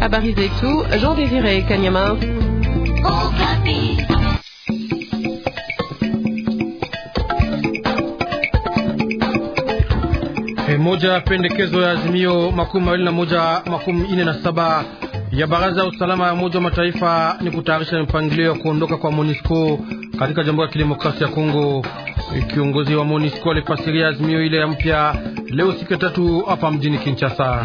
Habari zetu Jean Désiré Kanyama. E, moja pendekezo ya azimio makumi mawili na moja makumi ine na saba ya baraza ya usalama ya Umoja wa Mataifa ni kutayarisha mipangilio ya kuondoka kwa MONUSCO katika Jamhuri ya Kidemokrasia ya Kongo. E, kiongozi wa MONUSCO alifasiria azimio ile ya mpya leo siku tatu hapa mjini Kinshasa.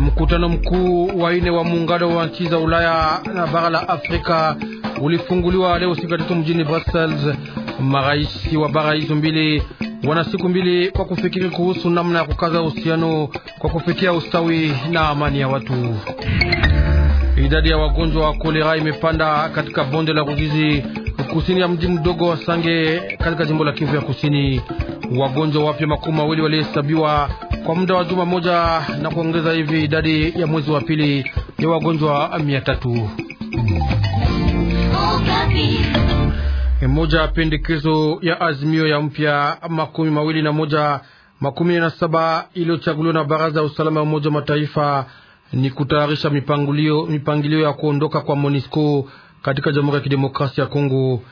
Mkutano mkuu wa ine wa muungano wa nchi za Ulaya na bara la Afrika ulifunguliwa leo siku ya tatu mjini Brussels. Marais wa bara hizo mbili wana siku mbili kwa kufikiri kuhusu namna ya kukaza uhusiano kwa kufikia ustawi na amani ya watu. Idadi ya wagonjwa wa kolera imepanda katika bonde la Ruzizi kusini ya mji mdogo wa Sange katika jimbo la Kivu ya Kusini. Wagonjwa wapya makumi mawili walihesabiwa kwa muda wa juma moja na kuongeza hivi idadi ya mwezi wa pili ya wagonjwa mia tatu. Moja pendekezo ya azimio ya mpya makumi mawili na moja makumi na saba iliyochaguliwa na baraza ya usalama ya Umoja wa Mataifa ni kutayarisha mipangilio ya kuondoka kwa MONISCO katika Jamhuri ya Kidemokrasia ya Kongo.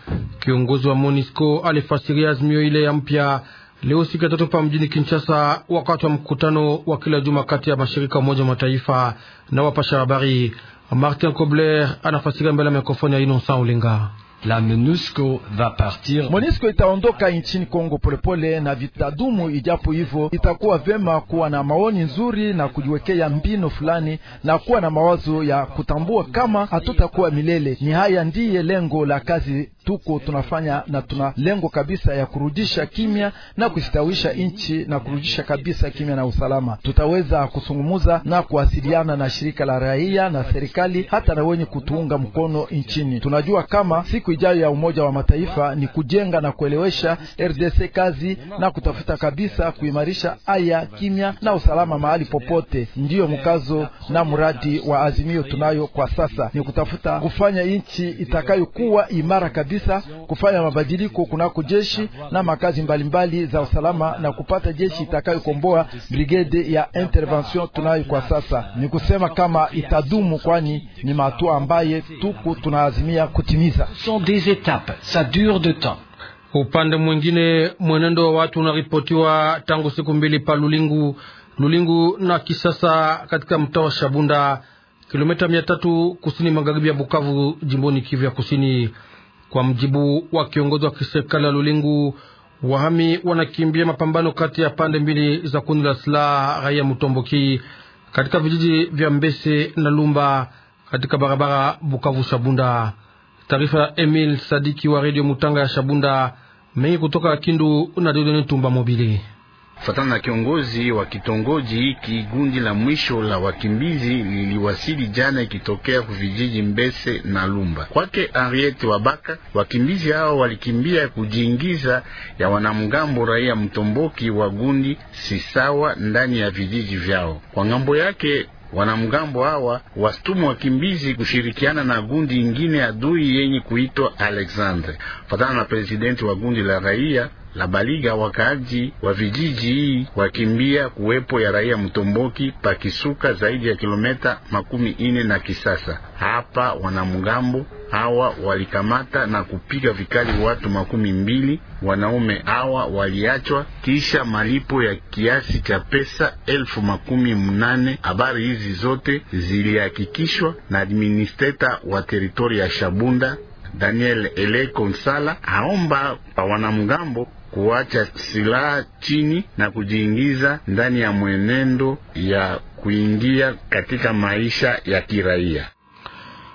Kiongozi wa MONISCO alifasiria azimio ile ya mpya leo siku ya tatu pa mjini Kinshasa, wakati wa mkutano wa kila juma kati ya mashirika Umoja wa Mataifa na wapasha habari. Martin Kobler anafasika mbele ya mikrofoni ya Innocent Ulinga. La MONUSCO va partir. MONUSCO itaondoka nchini Kongo polepole na vitadumu, ijapo hivyo itakuwa vema kuwa na maoni nzuri na kujiwekea mbinu fulani na kuwa na mawazo ya kutambua kama hatutakuwa milele. Ni haya ndiye lengo la kazi tuko tunafanya na tuna lengo kabisa ya kurudisha kimya na kustawisha nchi na kurudisha kabisa kimya na usalama. Tutaweza kusungumuza na kuwasiliana na shirika la raia na serikali, hata na wenye kutuunga mkono nchini. Tunajua kama siku ijayo ya Umoja wa Mataifa ni kujenga na kuelewesha RDC kazi na kutafuta kabisa kuimarisha aya kimya na usalama mahali popote. Ndiyo mkazo na mradi wa azimio tunayo kwa sasa ni kutafuta kufanya nchi itakayokuwa imara kabisa kabisa kufanya mabadiliko kunako jeshi na makazi mbalimbali mbali za usalama na kupata jeshi itakayokomboa brigade ya intervention tunayo kwa sasa. Ni kusema kama itadumu, kwani ni matua ambaye tuku tunaazimia kutimiza. Upande mwingine, mwenendo wa watu unaripotiwa tangu siku mbili pa Lulingu, Lulingu na Kisasa katika mtaa wa Shabunda, kilomita mia tatu kusini magharibi ya Bukavu, jimboni Kivu ya Kusini. Kwa mjibu wa kiongozi wa kiserikali ya Lulingu, wahami wanakimbia mapambano kati ya pande mbili za kundi la silaha raia Mutomboki katika vijiji vya Mbese na Lumba katika barabara Bukavu Shabunda. Taarifa ya Emil Sadiki wa redio Mutanga ya Shabunda mengi kutoka Kindu na Dodoni Tumba Mobili. Kufatana na kiongozi wa kitongoji hiki, gundi la mwisho la wakimbizi liliwasili jana ikitokea kuvijiji Mbese na Lumba. Kwake henriete Wabaka, wakimbizi hao walikimbia kujiingiza ya wanamgambo raia mtomboki wa gundi sisawa ndani ya vijiji vyao. Kwa ngambo yake wanamgambo hawa wastumu wakimbizi kushirikiana na gundi ingine adui yenye kuitwa Alexandre. Fatana na presidenti wa gundi la raia la Baliga, wakaaji wa vijiji hii wakimbia kuwepo ya raia Mtomboki pakisuka zaidi ya kilometa makumi ine na Kisasa. Hapa wanamgambo hawa walikamata na kupiga vikali watu makumi mbili. Wanaume hawa waliachwa kisha malipo ya kiasi cha pesa elfu makumi mnane. Habari hizi zote zilihakikishwa na administrator wa teritori ya Shabunda Daniel Ele Konsala, aomba pa wanamgambo kuacha silaha chini na kujiingiza ndani ya mwenendo ya kuingia katika maisha ya kiraia.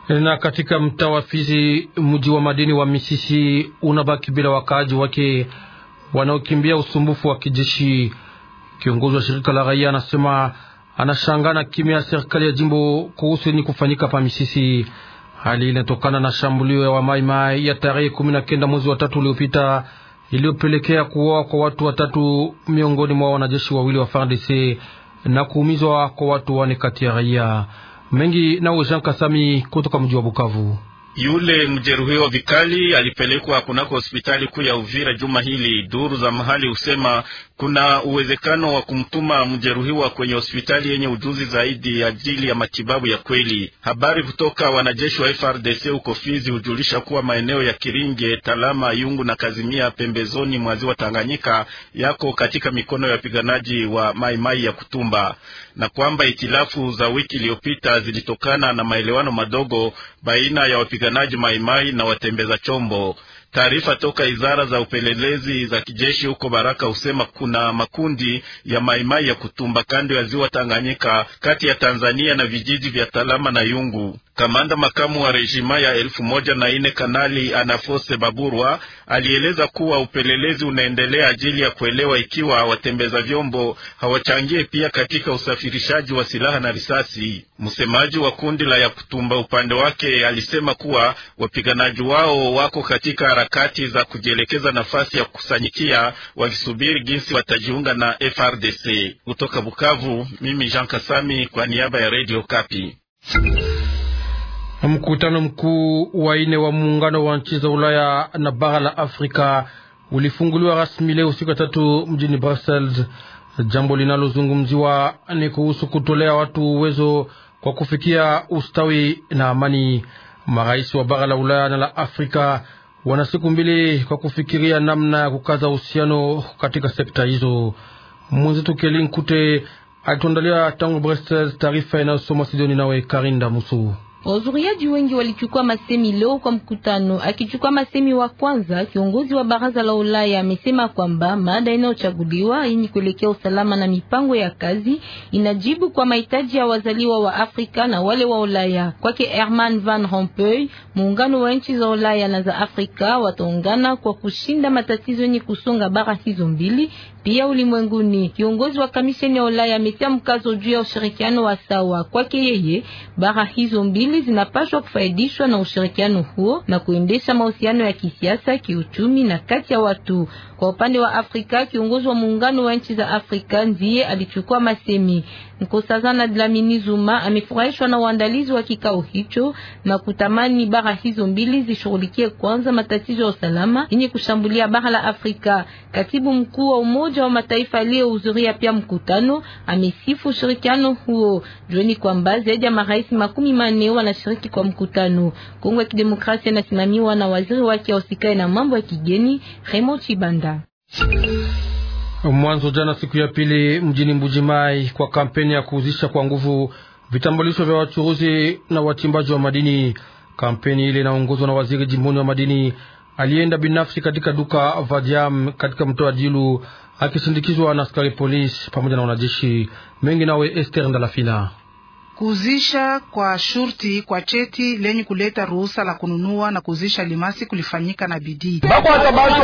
Na katika mtaa wa Fizi, mji wa madini wa Misisi unabaki bila wakaaji wake wanaokimbia usumbufu wa kijeshi. Kiongozi wa shirika la raia anasema anashangaa na kimya ya serikali ya jimbo kuhusu yenye kufanyika pa Misisi. Hali inatokana na shambulio ya wamaimai ya tarehe kumi na kenda mwezi wa tatu uliopita iliyopelekea kuuawa kwa watu watatu miongoni mwa wanajeshi wawili wa FARDC na kuumizwa kwa watu wane kati ya raia mengi. Nawe Jean Kasami kutoka mji wa Bukavu. Yule mjeruhiwa vikali alipelekwa kunako hospitali kuu ya Uvira juma hili. Duru za mahali husema kuna uwezekano wa kumtuma mjeruhiwa kwenye hospitali yenye ujuzi zaidi ajili ya matibabu ya kweli. Habari kutoka wanajeshi wa FRDC huko Fizi hujulisha kuwa maeneo ya Kiringe, Talama, Yungu na Kazimia pembezoni mwa ziwa Tanganyika yako katika mikono ya wapiganaji wa Maimai ya Kutumba, na kwamba itilafu za wiki iliyopita zilitokana na maelewano madogo baina ya wapiganaji Maimai na watembeza chombo. Taarifa toka idara za upelelezi za kijeshi huko Baraka husema kuna makundi ya maimai ya kutumba kando ya ziwa Tanganyika kati ya Tanzania na vijiji vya Talama na Yungu. Kamanda makamu wa rejima ya elfu moja na ine Kanali Anafose Baburwa alieleza kuwa upelelezi unaendelea ajili ya kuelewa ikiwa watembeza vyombo hawachangie pia katika usafirishaji wa silaha na risasi. Msemaji wa kundi la ya kutumba upande wake alisema kuwa wapiganaji wao wako katika harakati za kujielekeza nafasi ya kukusanyikia wakisubiri jinsi watajiunga na FRDC. Kutoka Bukavu, mimi Jean Kasami kwa niaba ya Radio Kapi. Mkutano mkuu wa ine wa muungano wa nchi za Ulaya na bara la Afrika ulifunguliwa rasmi leo siku ya tatu mjini Brussels. Jambo linalozungumziwa ni kuhusu kutolea watu uwezo kwa kufikia ustawi na amani. Marais wa bara la Ulaya na la Afrika wana siku mbili kwa kufikiria namna ya kukaza uhusiano katika sekta hizo. Mwenzetu Kelin Kute alituandalia tangu Brussels taarifa inayosoma Sidoni nawe Karinda Musu. Wazuriaji wengi walichukua masemi leo kwa mkutano. Akichukua masemi wa kwanza, kiongozi wa baraza la Ulaya amesema kwamba mada inayochaguliwa yenye kuelekea usalama na mipango ya kazi inajibu kwa mahitaji ya wazaliwa wa Afrika na wale wa Ulaya. Kwake Herman Van Rompuy, muungano wa nchi za Ulaya na za Afrika wataungana kwa kushinda matatizo yenye kusonga bara hizo mbili pia ulimwenguni. Kiongozi wa kamisheni ya Ulaya ametia mkazo juu ya ushirikiano wa sawa. Kwake yeye bara hizo mbili mbili zinapaswa kufaidishwa na ushirikiano huo na kuendesha mahusiano ya kisiasa, kiuchumi na kati ya watu. Kwa upande wa Afrika, kiongozi wa muungano wa nchi za Afrika ndiye alichukua masemi. Nkosazana Dlamini Zuma amefurahishwa na uandalizi wa kikao hicho na kutamani bara hizo mbili zishughulikie kwanza matatizo ya usalama yenye kushambulia bara la Afrika. Katibu mkuu wa Umoja wa Mataifa aliyehudhuria pia mkutano amesifu ushirikiano huo. Jueni kwamba zaidi ya marais makumi manne wanashiriki kwa mkutano. Kongo ya Kidemokrasia inasimamiwa na waziri wake ausikae na mambo ya kigeni Raymond Chibanda. Mwanzo jana siku ya pili mjini Mbujimai kwa kampeni ya kuuzisha kwa nguvu vitambulisho vya wachuruzi na wachimbaji wa madini. Kampeni ile inaongozwa na waziri jimboni wa madini alienda binafsi katika duka Vadiam katika mto wa Dilu akisindikizwa na askari polisi pamoja na wanajeshi mengi. Nawe Esther Ndalafila. Kuuzisha kwa shurti kwa cheti lenye kuleta ruhusa la kununua na kuuzisha limasi kulifanyika na bidii.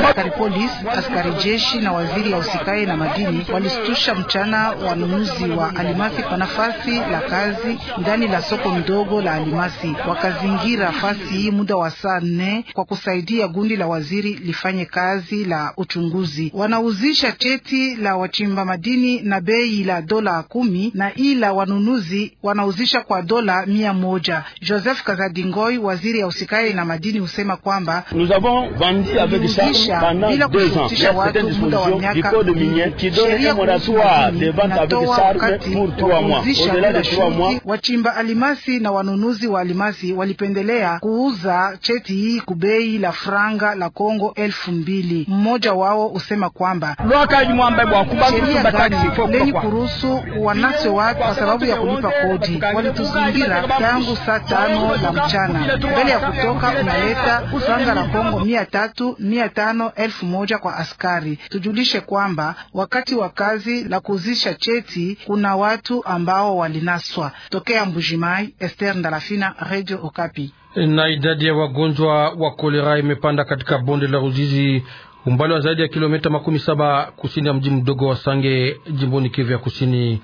Askari polisi, askari jeshi na waziri ya usikae na madini walistusha mchana wanunuzi wa alimasi kwa nafasi la kazi ndani la soko mdogo la alimasi, wakazingira fasi hii muda wa saa nne kwa kusaidia gundi la waziri lifanye kazi la uchunguzi. Wanauzisha cheti la wachimba madini na bei la dola kumi na ila wanunuzi wana wanauzisha kwa dola mia moja. Joseph Kazadingoi, waziri ya usikai na madini, husema kwamba tuliuzisha bila kushurutisha watu muda wa miaka sheria inatoa wakati wa kuuzisha bila shuruti. Wachimba alimasi na wanunuzi wa alimasi walipendelea kuuza cheti hii kubei la franga la Kongo elfu mbili. Mmoja wao husema kwamba sheria gani leni kuruhusu wanaswe watu kwa sababu ya kulipa kodi walituzingira tangu saa tano za mchana. Mbele ya kutoka, unaleta usanga la Kongo mia tatu mia tano elfu moja kwa askari. Tujulishe kwamba wakati wa kazi la kuzisha cheti kuna watu ambao walinaswa tokea Mbujimai. ester Ndalafina, Radio Okapi. Na idadi ya wagonjwa wa kolera imepanda katika bonde la Ruzizi umbali wa zaidi ya kilomita makumi saba kusini ya mji mdogo wa Sange jimboni Kivu ya kusini.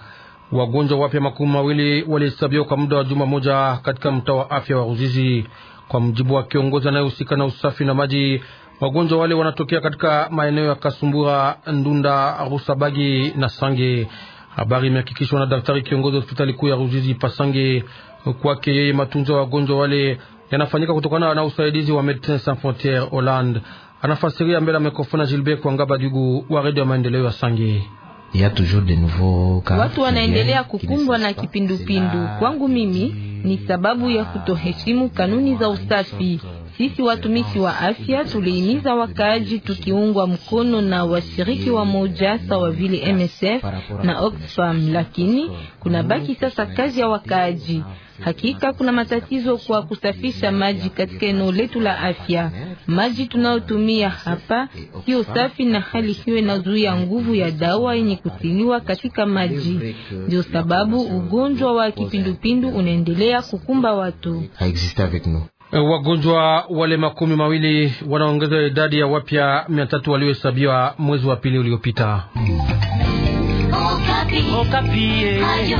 Wagonjwa wapya makumi mawili walihesabiwa kwa muda wa juma moja katika mtaa wa afya wa Ruzizi. Kwa mjibu wa kiongozi anayehusika na usafi na maji, wagonjwa wale wanatokea katika maeneo ya Kasumbura, Ndunda, Rusabagi na Sange. Habari imehakikishwa na daktari kiongozi wa hospitali kuu ya Ruzizi Pasange. Kwake yeye, matunzo ya wagonjwa wale yanafanyika kutokana na usaidizi wa Medecins Sans Frontieres Hollande. Anafasiria mbele ya mikrofoni Gilbert Kwanga Badugu wa redio ya maendeleo ya Sange ya toujours de nouveau watu wanaendelea kukumbwa na kipindupindu. Kwangu mimi ni sababu ya kutoheshimu kanuni za usafi. Sisi watumishi wa afya tulihimiza wakaaji tukiungwa mkono na washiriki wa moja sawa vile MSF na Oxfam, lakini kuna baki sasa kazi ya wakaaji. Hakika kuna matatizo kwa kusafisha maji katika eneo letu la afya. Maji tunayotumia hapa sio safi na hali hiyo inazuia nguvu ya dawa yenye kutiliwa katika maji. Ndio sababu ugonjwa wa kipindupindu unaendelea kukumba watu. E, wagonjwa wale makumi mawili wanaongeza idadi ya wapya mia tatu waliohesabiwa mwezi wa pili uliopita. Okapi. Okapi. Eh.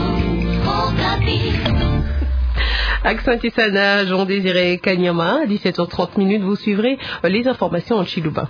Accent Sana, Jean Désiré Kanyama, 17h30 minutes, vous suivrez les informations en Chiluba.